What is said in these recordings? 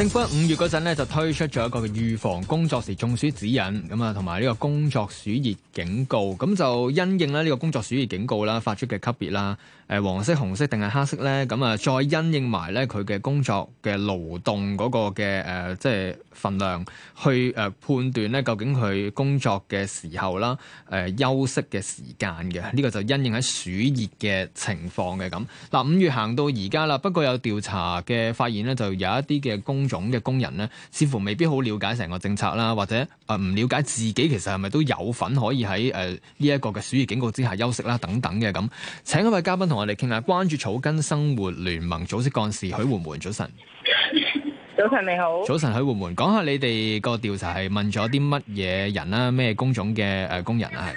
政府喺五月嗰陣咧，就推出咗一個嘅預防工作時中暑指引，咁、嗯、啊，同埋呢個工作暑熱警告，咁、嗯、就因應咧呢個工作暑熱警告啦，發出嘅級別啦，誒、呃、黃色、紅色定係黑色咧，咁、嗯、啊再因應埋咧佢嘅工作嘅勞動嗰個嘅誒、呃，即係份量去誒、呃、判斷咧究竟佢工作嘅時候啦，誒、呃、休息嘅時間嘅，呢、這個就因應喺暑熱嘅情況嘅咁。嗱五、呃、月行到而家啦，不過有調查嘅發現咧，就有一啲嘅工種嘅工人呢，似乎未必好了解成個政策啦，或者啊唔了解自己其實係咪都有份可以喺誒呢一個嘅暑熱警告之下休息啦等等嘅咁，請一位嘉賓同我哋傾下。關注草根生活聯盟組織幹事許垣桓早晨。早晨你好，早晨許垣桓。講下你哋個調查係問咗啲乜嘢人啦，咩工種嘅誒工人係？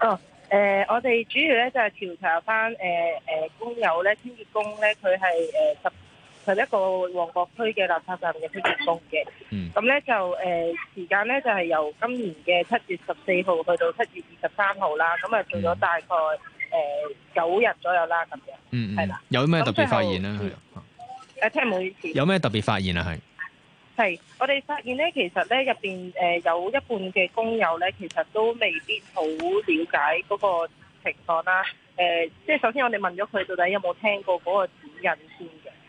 呃、哦誒、呃，我哋主要咧就係調查翻誒誒工友咧，清潔工咧，佢係誒係一個旺角區嘅垃圾站嘅清潔工嘅，咁咧就誒時間咧就係由今年嘅七月十四號去到七月二十三號啦，咁啊做咗大概誒九日左右啦咁樣，係啦。有咩特別發現咧？誒，聽唔好意思，有咩特別發現啊？係係，我哋發現咧，其實咧入邊誒有一半嘅工友咧，其實都未必好瞭解嗰個情況啦。誒，即係首先我哋問咗佢到底有冇聽過嗰個指引先。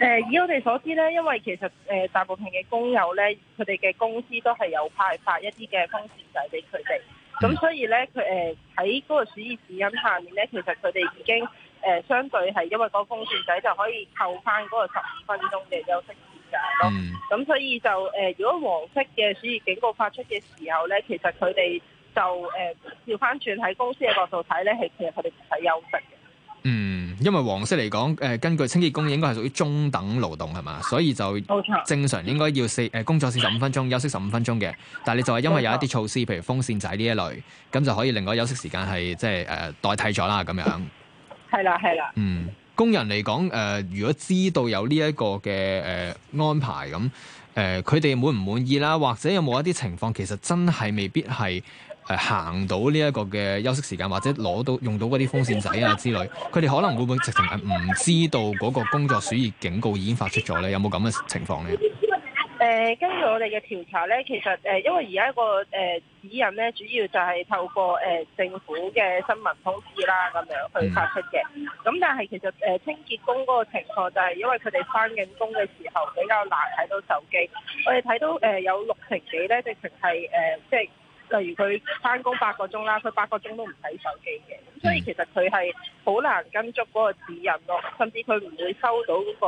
誒，以我哋所知咧，因為其實誒大部分嘅工友咧，佢哋嘅公司都係有派發一啲嘅風扇仔俾佢哋，咁、嗯嗯、所以咧佢誒喺嗰個暑熱指引下面咧，其實佢哋已經誒、呃、相對係因為嗰風扇仔就可以扣翻嗰個十五分鐘嘅休息時間咯。咁、嗯嗯、所以就誒、呃，如果黃色嘅暑熱警告發出嘅時候咧，其實佢哋就誒調翻轉喺公司嘅角度睇咧，係其實佢哋唔使休息嘅。嗯。因為黃色嚟講，誒、呃、根據清潔工應該係屬於中等勞動係嘛，所以就正常應該要四誒、呃、工作四十五分鐘，休息十五分鐘嘅。但係你就係因為有一啲措施，譬如風扇仔呢一類，咁就可以令到休息時間係即係誒代替咗啦咁樣。係啦，係啦。嗯，工人嚟講，誒、呃、如果知道有呢一個嘅誒、呃、安排咁。誒，佢哋、呃、滿唔滿意啦？或者有冇一啲情況，其實真係未必係誒、呃、行到呢一個嘅休息時間，或者攞到用到嗰啲風扇仔啊之類，佢哋可能會唔會直情係唔知道嗰個工作暑熱警告已經發出咗呢？有冇咁嘅情況呢？誒，根據、呃、我哋嘅調查咧，其實誒、呃，因為而家個、呃、指引咧，主要就係透過誒、呃、政府嘅新聞通知啦，咁樣去發出嘅。咁但係其實誒、呃、清潔工嗰個情況就係因為佢哋翻緊工嘅時候比較難睇到手機。我哋睇到誒、呃、有六成幾咧，直情係誒，即係、呃、例如佢翻工八個鐘啦，佢八個鐘都唔睇手機嘅。咁所以其實佢係好難跟足嗰個指引咯，甚至佢唔會收到嗰、嗰個、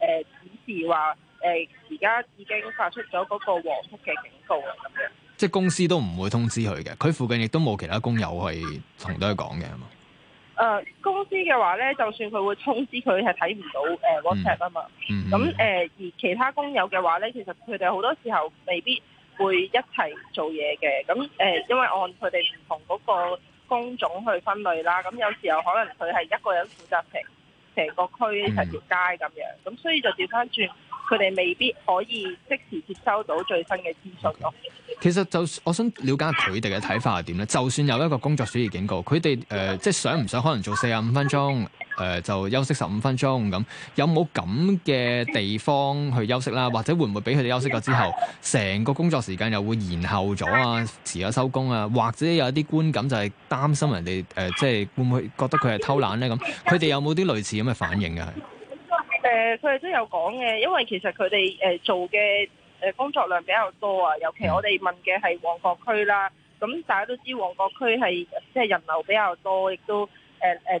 呃、指示話。誒，而家已經發出咗嗰個黃色嘅警告啦，咁樣即係公司都唔會通知佢嘅，佢附近亦都冇其他工友去同佢講嘅，係嘛？誒，公司嘅話咧，就算佢會通知，佢係睇唔到誒 WhatsApp 啊嘛。咁誒、嗯，嗯、而其他工友嘅話咧，其實佢哋好多時候未必會一齊做嘢嘅。咁誒、呃，因為按佢哋唔同嗰個工種去分類啦。咁有時候可能佢係一個人負責成成個區、成條街咁樣。咁所以就調返轉。嗯佢哋未必可以即時接收到最新嘅資訊咯。Okay. 其實就我想了解下佢哋嘅睇法係點咧？就算有一個工作暑熱警告，佢哋誒即係想唔想可能做四十五分鐘誒、呃、就休息十五分鐘咁？有冇咁嘅地方去休息啦？或者會唔會俾佢哋休息過之後，成個工作時間又會延後咗啊？遲咗收工啊？或者有一啲觀感就係擔心人哋誒、呃、即係會唔會覺得佢係偷懶咧？咁佢哋有冇啲類似咁嘅反應嘅？誒，佢哋、呃、都有講嘅，因為其實佢哋誒做嘅誒工作量比較多啊，尤其我哋問嘅係旺角區啦。咁大家都知旺角區係即係人流比較多，亦都誒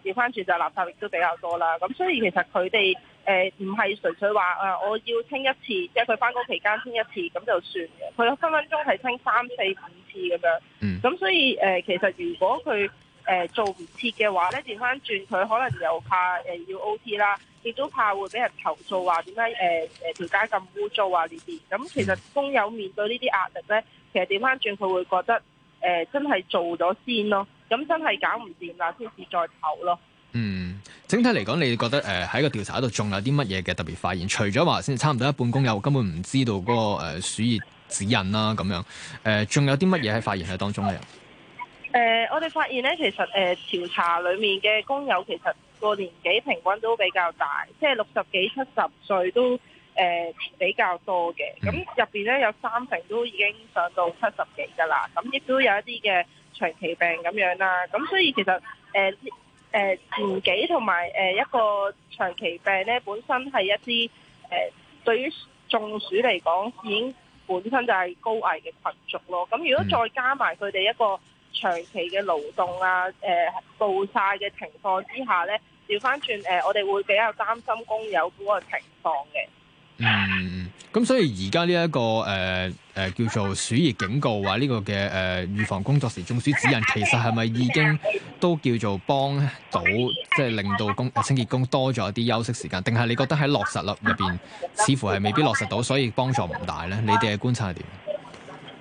誒調翻轉就垃圾亦都比較多啦。咁所以其實佢哋誒唔係純粹話啊，我要清一次，即係佢翻工期間清一次咁就算嘅。佢分分鐘係清三四五次咁樣。咁、嗯、所以誒、呃，其實如果佢誒、呃、做唔切嘅話咧，調翻轉佢可能又怕誒、呃、要 O T 啦。亦都怕會俾人投訴話點解？誒誒，條、呃、街咁污糟，啊？呢啲咁，其實工友面對呢啲壓力咧，其實點翻轉佢會覺得誒、呃，真係做咗先咯。咁真係搞唔掂啦，先至再投咯。嗯，整體嚟講，你覺得誒喺個調查度仲有啲乜嘢嘅特別發現？除咗話先差唔多一半工友根本唔知道嗰、嗰個誒暑熱指引啦、啊，咁樣誒，仲有啲乜嘢喺發現喺當中咧？誒、呃，我哋發現咧，其實誒調、呃、查裏面嘅工友其實。個年紀平均都比較大，即係六十幾、七十歲都誒比較多嘅。咁入邊咧有三成都已經上到七十幾噶啦。咁亦都有一啲嘅長期病咁樣啦。咁所以其實誒誒年紀同埋誒一個長期病咧，本身係一啲誒、呃、對於中暑嚟講，已經本身就係高危嘅群族咯。咁如果再加埋佢哋一個。長期嘅勞動啊，誒暴曬嘅情況之下咧，調返轉誒，我哋會比較擔心工友嗰個情況嘅。嗯，咁所以而家呢一個誒誒、呃、叫做暑熱警告話呢個嘅誒、呃、預防工作時中暑指引，其實係咪已經都叫做幫到，即係令到工清潔工多咗啲休息時間？定係你覺得喺落實率入邊，似乎係未必落實到，所以幫助唔大咧？你哋嘅觀察係點？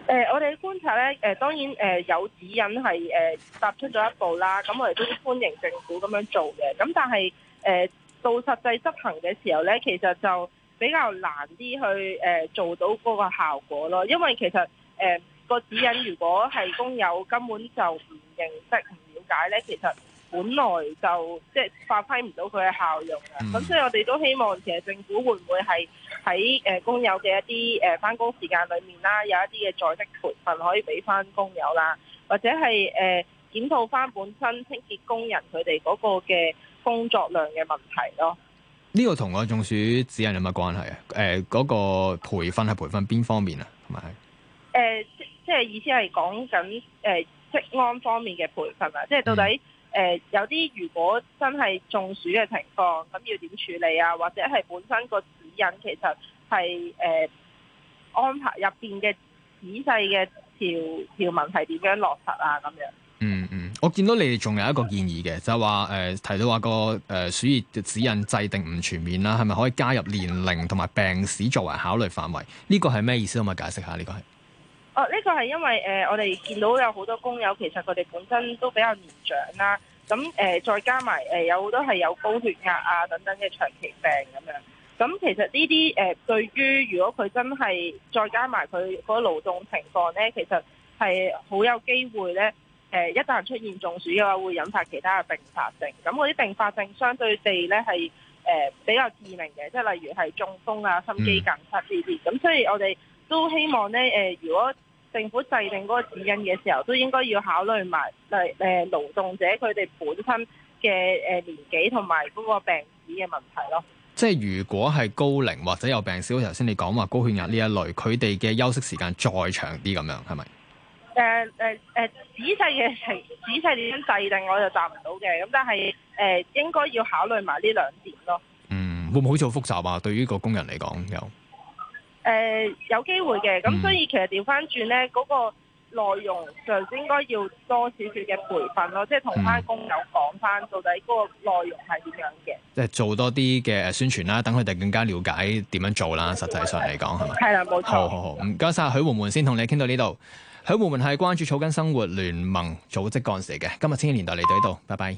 誒、呃，我哋觀察咧，誒、呃、當然誒、呃、有指引係誒踏出咗一步啦，咁我哋都歡迎政府咁樣做嘅，咁但係誒、呃、到實際執行嘅時候咧，其實就比較難啲去誒、呃、做到嗰個效果咯，因為其實誒個、呃、指引如果係工友根本就唔認識、唔了解咧，其實。本來就即係、就是、發揮唔到佢嘅效用啊！咁、嗯、所以我哋都希望其實政府會唔會係喺誒工友嘅一啲誒翻工時間裏面啦、呃，有一啲嘅在職培訓可以俾翻工友啦，或者係誒、呃、檢討翻本身清潔工人佢哋嗰個嘅工作量嘅問題咯。呢個同我中暑指引有乜關係啊？誒、呃，嗰、那個培訓係培訓邊方面啊？同埋誒，即即係意思係講緊誒職安方面嘅培訓啊！即係到底、嗯。誒、呃、有啲如果真係中暑嘅情況，咁要點處理啊？或者係本身個指引其實係誒、呃、安排入邊嘅仔細嘅條條文係點樣落實啊？咁樣嗯嗯，我見到你哋仲有一個建議嘅，就係話誒提到話、那個誒暑熱嘅指引制定唔全面啦，係咪可以加入年齡同埋病史作為考慮範圍？呢、這個係咩意思？可唔可以解釋下呢、這個係。哦，呢、這個係因為誒、呃，我哋見到有好多工友，其實佢哋本身都比較年長啦。咁誒、呃，再加埋誒，有、呃、好多係有高血壓啊等等嘅長期病咁樣。咁其實呢啲誒，對於如果佢真係再加埋佢嗰個勞動情況咧，其實係好、呃、有機會咧誒、呃，一旦出現中暑嘅話，會引發其他嘅併發症。咁嗰啲併發症相對地咧係誒比較致命嘅，即係例如係中風啊、心肌梗塞呢啲。咁所以我哋都希望咧誒、呃，如果政府制定嗰個指引嘅時候，都應該要考慮埋誒誒勞動者佢哋本身嘅誒年紀同埋嗰個病史嘅問題咯。即係如果係高齡或者有病史，頭先你講話高血壓呢一類，佢哋嘅休息時間再長啲咁樣係咪？誒誒誒，仔細嘅情仔細點樣制定，我就答唔到嘅。咁但係誒、呃，應該要考慮埋呢兩點咯。嗯，會唔會好似好複雜啊？對於個工人嚟講，有。誒、呃，有機會嘅咁，所以其實調翻轉咧，嗰、那個內容上應該要多少少嘅培訓咯，即係同翻工友講翻到底嗰個內容係點樣嘅，即係、嗯就是、做多啲嘅宣傳啦，等佢哋更加了解點樣做啦。實際上嚟講，係咪係啦，冇錯，好好好。唔該晒，許垣桓先同你傾到呢度。許垣桓係關注草根生活聯盟組織幹事嘅，今日青年年代嚟到呢度，拜拜。